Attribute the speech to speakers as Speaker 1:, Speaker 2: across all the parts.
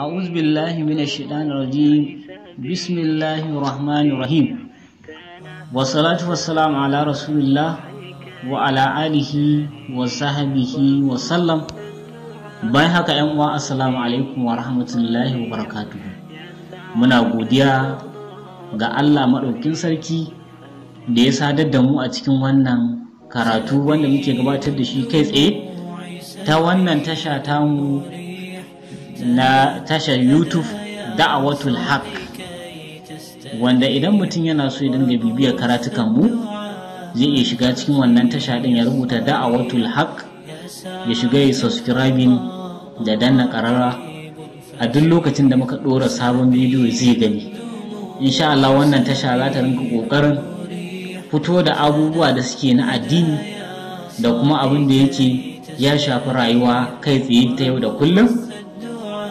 Speaker 1: أعوذ بالله من الشيطان الرجيم بسم الله الرحمن الرحيم والصلاة والسلام على رسول الله وعلى آله وصحبه وسلم bayan haka yan uwa assalamu alaikum wa rahmatullahi wa barakatuhu muna godiya ga Allah maɗaukin sarki da ya sadar da mu a cikin wannan karatu wanda muke gabatar da shi kai tsaye ta wannan tasha tamu na tashar youtube watul haq wanda idan mutum yana so ya dinga bibiyar karatukan mu zai iya shiga cikin wannan tasha din ya rubuta da'awatul haq ya shiga ya subscribing da danna karara a duk lokacin da muka dora sabon bidiyo zai gani insha Allah wannan tasha za ta rinka kokarin fito da abubuwa da suke na addini da kuma abin da yake ya shafi rayuwa kai tsaye ta yau da kullum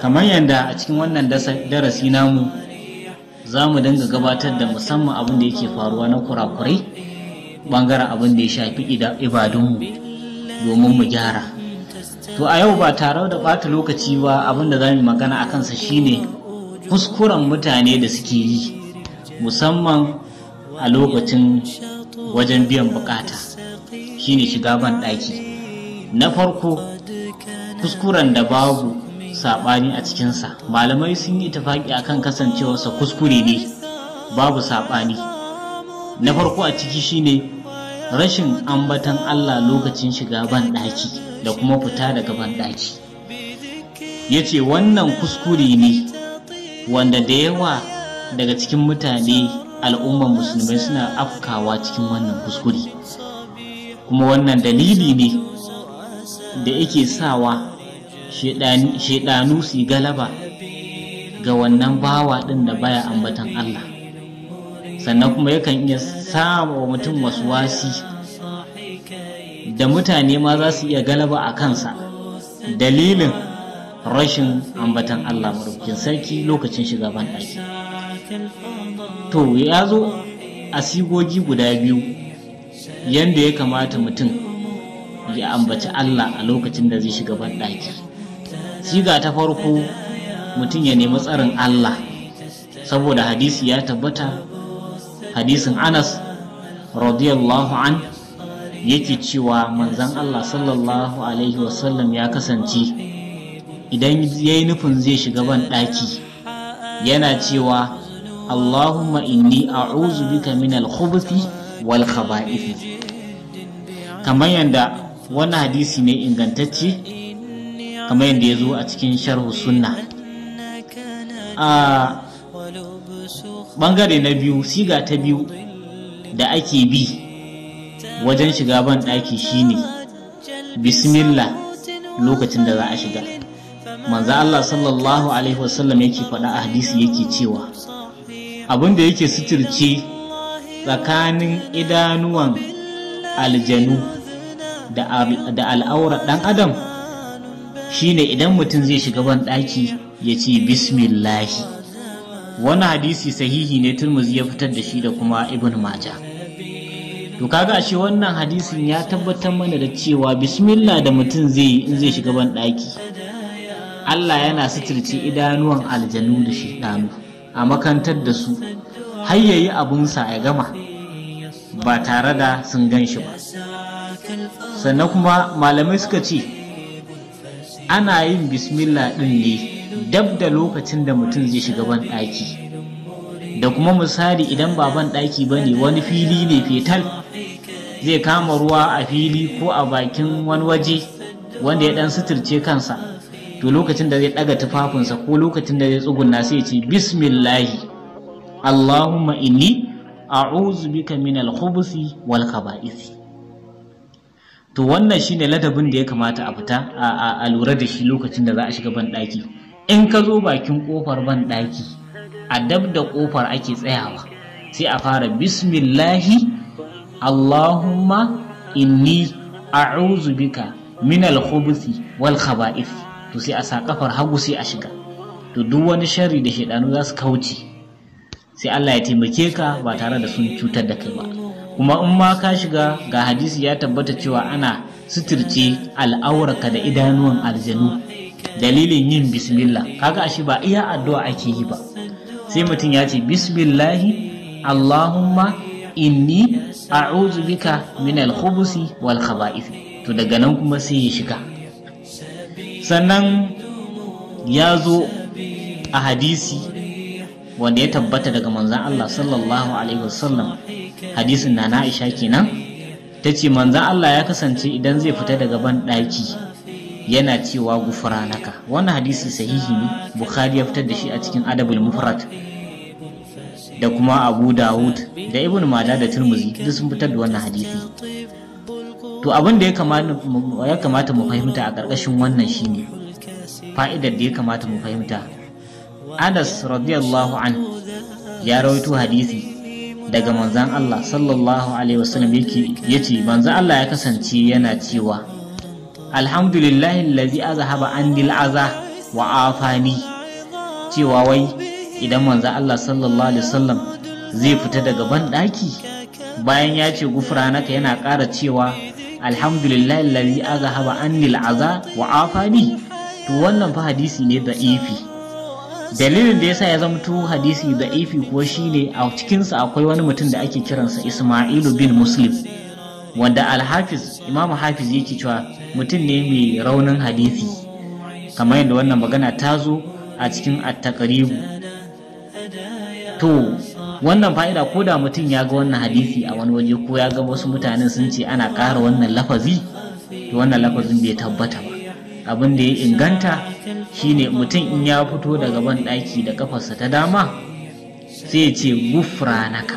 Speaker 1: kamar yadda a cikin wannan darasi namu za mu dinga gabatar da musamman abin da yake faruwa na kurakurai bangaren abin da ya shafi ibadunmu domin mu gyara to a yau ba tare da ɓata lokaci ba abin da za mu magana a kansa shine kuskuren mutane da suke yi musamman a lokacin wajen biyan bukata shine shiga ban ɗaki na farko kuskuren da babu saɓani a cikinsa malamai sun yi tafaki akan kasancewarsa kuskure ne babu saɓani na farko a ciki shine rashin ambatan allah lokacin shiga ban daki da kuma fita daga ban daki ya wannan kuskure ne wanda da yawa daga cikin mutane al'ummar musulmai suna afkawa cikin wannan kuskure kuma wannan dalili ne da yake sawa shaidanu su galaba ga wannan bawa ɗin da baya ambatan Allah sannan kuma yakan iya samu wa mutum wasu wasi da mutane ma za su iya galaba a kansa dalilin rashin ambatan Allah marubucin sarki lokacin shiga ban ɗaki to ya zo a sigogi guda biyu yadda ya kamata mutum ya ambaci Allah a lokacin da zai shiga banɗaki siga ta farko mutum ya nemi tsarin Allah saboda hadisi ya tabbata hadisin Anas radiyallahu an yake cewa manzan Allah sallallahu alaihi wasallam ya kasance idan ya yi nufin zai shiga ban ɗaki yana cewa Allahumma inni a'uzu bika min al-khubuthi wal khaba'ith kamar yadda wani hadisi ne ingantacce kamar yadda ya zo a cikin sharhu sunna a bangare na biyu siga ta biyu da ake bi wajen shiga ban ɗaki shine bismillah lokacin da za a shiga manzo Allah sallallahu alaihi wasallam yake faɗa a hadisi yake cewa abin da yake suturce tsakanin idanuwan aljanu da al'aurar ɗan adam shine idan mutum zai shiga ban ɗaki ya ce bismillahi wani hadisi sahihi ne turmuzi ya fitar da shi da kuma ibn maja to kaga ashe wannan hadisin ya tabbatar mana da cewa bismillah da mutum zai yi in zai shiga ban ɗaki Allah yana suturci idanuwan aljanu da shi shiɗanu a makantar da su har yayi abunsa ya gama ba tare da sun gan shi ba sannan kuma malamai suka ce ana yin bismillah ɗin ne dab da lokacin da mutum zai shiga ban ɗaki da kuma misali idan ba ban ɗaki ba ne wani fili ne fetal zai kama ruwa a fili ko a bakin wani waje wanda ya ɗan suturce kansa to lokacin da zai ɗaga tufafinsa ko lokacin da zai tsuguna sai ce bismillahi allahumma inni a'uzubika bika min al wal khaba'isi to wannan shine ladabin da ya kamata a fita a lura da shi lokacin da za a shiga banɗaki in ka zo bakin ƙofar banɗaki a dab da ƙofar ake tsayawa sai a fara bismillahi allahumma inni a'udhu bika min al wal khaba'ith to sai a sa kafar hagu sai a shiga to duk wani shari da shedanu za su kauce sai Allah ya taimake ka ba tare da sun cutar da kai ba kuma in ma ka shiga ga hadisi ya tabbata cewa ana suturce al'auraka da idanuwan aljanu dalilin yin bismillah kaga ashe ba iya addu'a ake yi ba sai mutum ya ce bismillahi allahumma inni a'udhu bika min al-khubusi wal khaba'ith to daga nan kuma sai ya shiga sannan ya zo a hadisi wanda ya tabbata daga manzan Allah sallallahu alaihi wasallam hadisin na Aisha kenan ta ce manzan Allah ya kasance idan zai fita daga ban ɗaki yana cewa naka. wannan hadisi sahihi ne Bukhari ya fitar da shi a cikin adabul Mufrat da kuma Abu Dawud da Ibn Mada da Turmuzi, duk sun fitar da wannan hadisi to abin da ya kamata mu fahimta a ƙarƙashin wannan shine fa'idar da ya kamata mu fahimta Anas radiyallahu an ya rawaito hadisi daga manzan Allah sallallahu alaihi wasallam yake yace manzan Allah ya kasance yana cewa Alhamdulillahi allazi azhaba anil aza wa afani cewa wai idan manzan Allah sallallahu alaihi wasallam zai fita daga ban bayan ya ce gufranaka yana ƙara cewa alhamdulillahi allazi azhaba anil aza wa afani to wannan fa hadisi ne da ifi dalilin da ya sa ya zamto hadisi da ifi kuwa shine a cikinsa akwai wani mutum da ake kiransa ismailu bin muslim wanda alhafiz imamu hafiz yake cewa mutum ne mai raunin hadisi kamar yadda wannan magana ta zo a cikin attakaribu to wannan fa'ida ko da mutum ya ga wannan hadisi a wani waje ko ya ga wasu mutanen sun ce ana ƙara wannan lafazi to wannan lafazin bai tabbata ba abin da ya inganta shine mutum in ya fito daga ban ɗaki da kafarsa ta dama sai ce gufranaka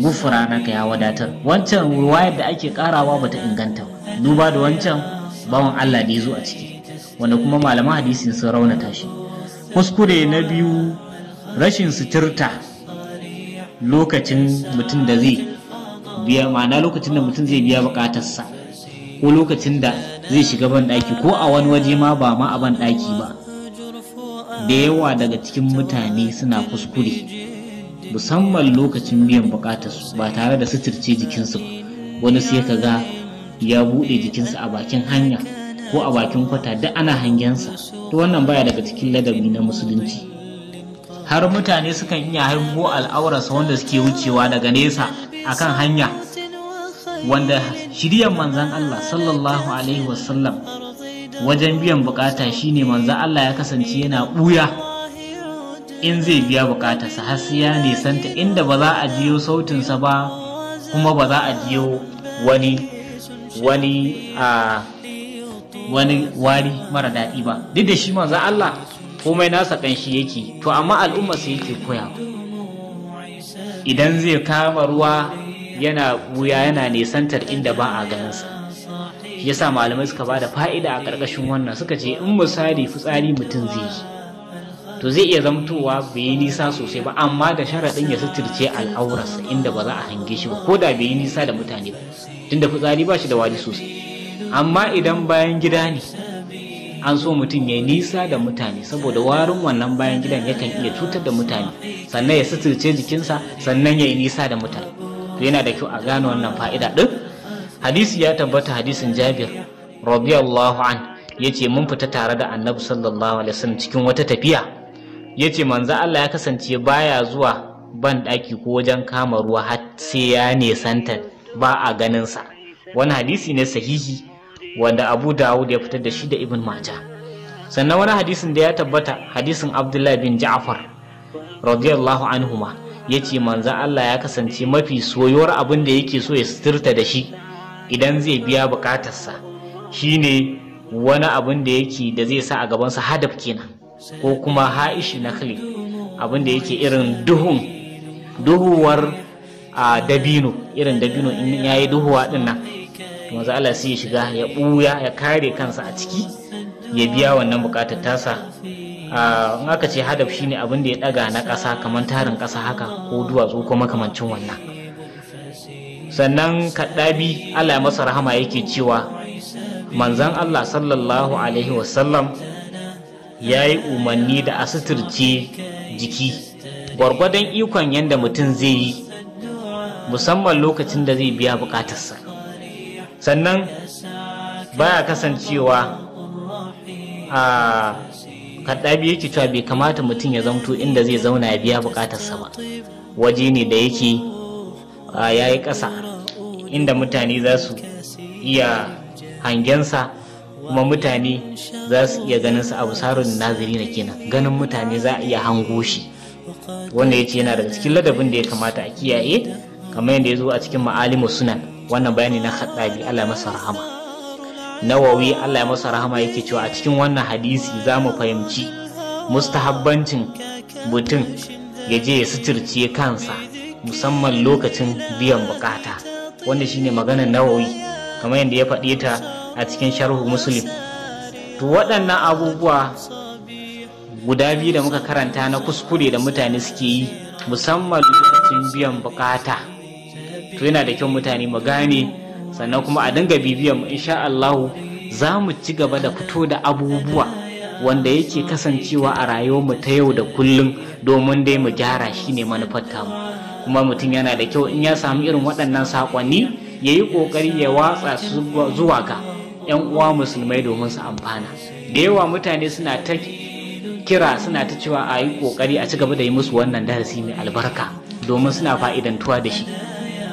Speaker 1: gufranaka ya wadatar wancan ruwayar da ake karawa bata inganta duba da wancan bawan Allah da ya zo a ciki wanda kuma malaman hadisin sun raunata shi kuskure na biyu rashin suturta lokacin mutum da zai biya ma'ana lokacin da mutum zai biya bukatarsa ko lokacin da zai shiga ban ɗaki ko a wani waje ma ba ma a ban ɗaki ba da yawa daga cikin mutane suna kuskure musamman lokacin biyan bukatarsu ba tare da suturce jikinsu ba wani sai ka ga ya buɗe jikinsa a bakin hanya ko a bakin kwata duk ana hangensa to wannan baya daga cikin ladabi na musulunci har mutane sukan iya hango al'aurarsa wanda suke wucewa daga nesa akan hanya wanda shiryan manzan Allah sallallahu alaihi wasallam wajen biyan bukata shine manzan Allah ya kasance yana buya in zai biya bukatarsa har sai ya nisanta inda ba za a jiyo sautinsa ba kuma ba za a jiyo wani wani a wani wari mara daɗi ba duk da shi manzan Allah komai nasa kanshi yake to amma al'umma sai yake koya idan zai kama ruwa yana wuya yana nisantar inda ba a ganinsa ya sa malamai suka bada fa'ida a ƙarƙashin wannan suka ce in misali fitsari mutum zai yi to zai iya zamtowa bai yi nisa sosai ba amma da sharaɗin ya suturce al'aurarsa inda ba za a hange shi ba ko da bai yi nisa da mutane ba tunda fitsari ba shi da wari sosai amma idan bayan gida ne an so mutum ya nisa da mutane saboda warin wannan bayan gidan yakan iya cutar da mutane sannan ya suturce jikinsa sannan ya yi nisa da mutane to yana da kyau a gane wannan fa'ida din hadisi ya tabbata hadisin jabir radiyallahu an yace mun fita tare da annabi sallallahu alaihi wasallam cikin wata tafiya yace manzo Allah ya kasance baya zuwa ban daki ko wajen kama ruwa har sai ya nesanta ba a ganin wani hadisi ne sahihi wanda Abu Dawud ya fitar da shi da Ibn Majah sannan wani hadisin da ya tabbata hadisin Abdullah bin Ja'far radiyallahu anhuma ya ce manzan Allah ya kasance mafi soyuwar abin da yake so ya sutirta da shi idan zai biya bukatarsa shi ne wani abin da yake da zai sa a gabansa hadaf kenan ko kuma haishi na kali abin da yake irin duhun duhuwar a dabino irin dabino in ya yi duhuwa din nan manzo Allah sai ya shiga ya buya ya kare kansa a ciki ya biya wannan bukatar tasa in aka ce hadaf shine abin da ya daga na ƙasa kamar tarin ƙasa haka ko duwatsu ko makamancin wannan sannan kaddabi Allah ya masa rahama yake cewa manzon Allah sallallahu alaihi wasallam ya yi umarni da a jiki gwargwadon ikon yadda mutum zai yi musamman lokacin da zai biya bukatarsa sannan baya kasancewa a biyu yake cewa bai kamata mutum ya zamto inda zai zauna ya biya bukatarsa ba waje ne da yake ya yi ƙasa inda mutane za su iya hangensa kuma mutane za su iya ganin sa abu sarun naziri na kenan ganin mutane za a iya hango shi wanda ya ce yana daga cikin ladabin da ya kamata a kiyaye kamar yadda ya zo a cikin ma'alimu sunan wannan bayani na haddadi Allah Ya masa rahama nawawi Allah ya masa rahama yake cewa a cikin wannan hadisi za mu fahimci mustahabbancin mutum ya je ya suturce kansa musamman lokacin biyan bukata wanda shine magana nawawi kamar yadda ya faɗi ta a cikin sharhu muslim to waɗannan abubuwa guda biyu da muka karanta na kuskure da mutane suke yi musamman lokacin biyan bukata to yana da kyau mutane mu gane sannan kuma a dinga bibiyan mu insha Allah za mu ci gaba da fito da abubuwa wanda yake kasancewa a rayuwar mu ta yau da kullum domin dai mu gyara shi ne manufar mu kuma mutum yana da kyau in ya samu irin waɗannan sakonni ya yi ƙoƙari ya watsa su zuwa ga 'yan uwa musulmai domin su amfana da yawa mutane suna ta kira suna ta cewa a yi ƙoƙari a ci gaba da yi musu wannan darasi mai albarka domin suna fa'idantuwa da shi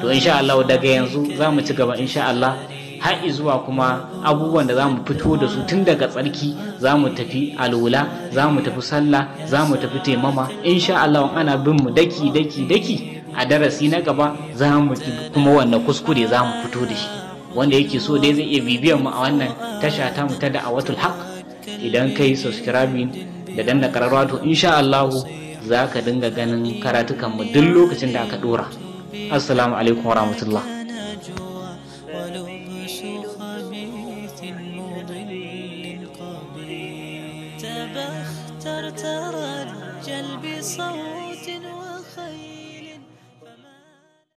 Speaker 1: to insha Allah daga yanzu za mu ci gaba insha Allah har zuwa kuma abubuwan da za mu fito da su tun daga tsarki za mu tafi alwula, za mu tafi sallah za mu tafi taimama insha Allah ana bin mu daki daki daki a darasi na gaba za mu kuma wannan kuskure za mu fito da shi wanda yake so dai zai iya bibiyan mu a wannan tasha ta mu ta awatul haq idan kai subscribing da danna kararwa to insha Allah za ka dinga ganin karatukan mu duk lokacin da aka dora assalamu alaikum warahmatullahi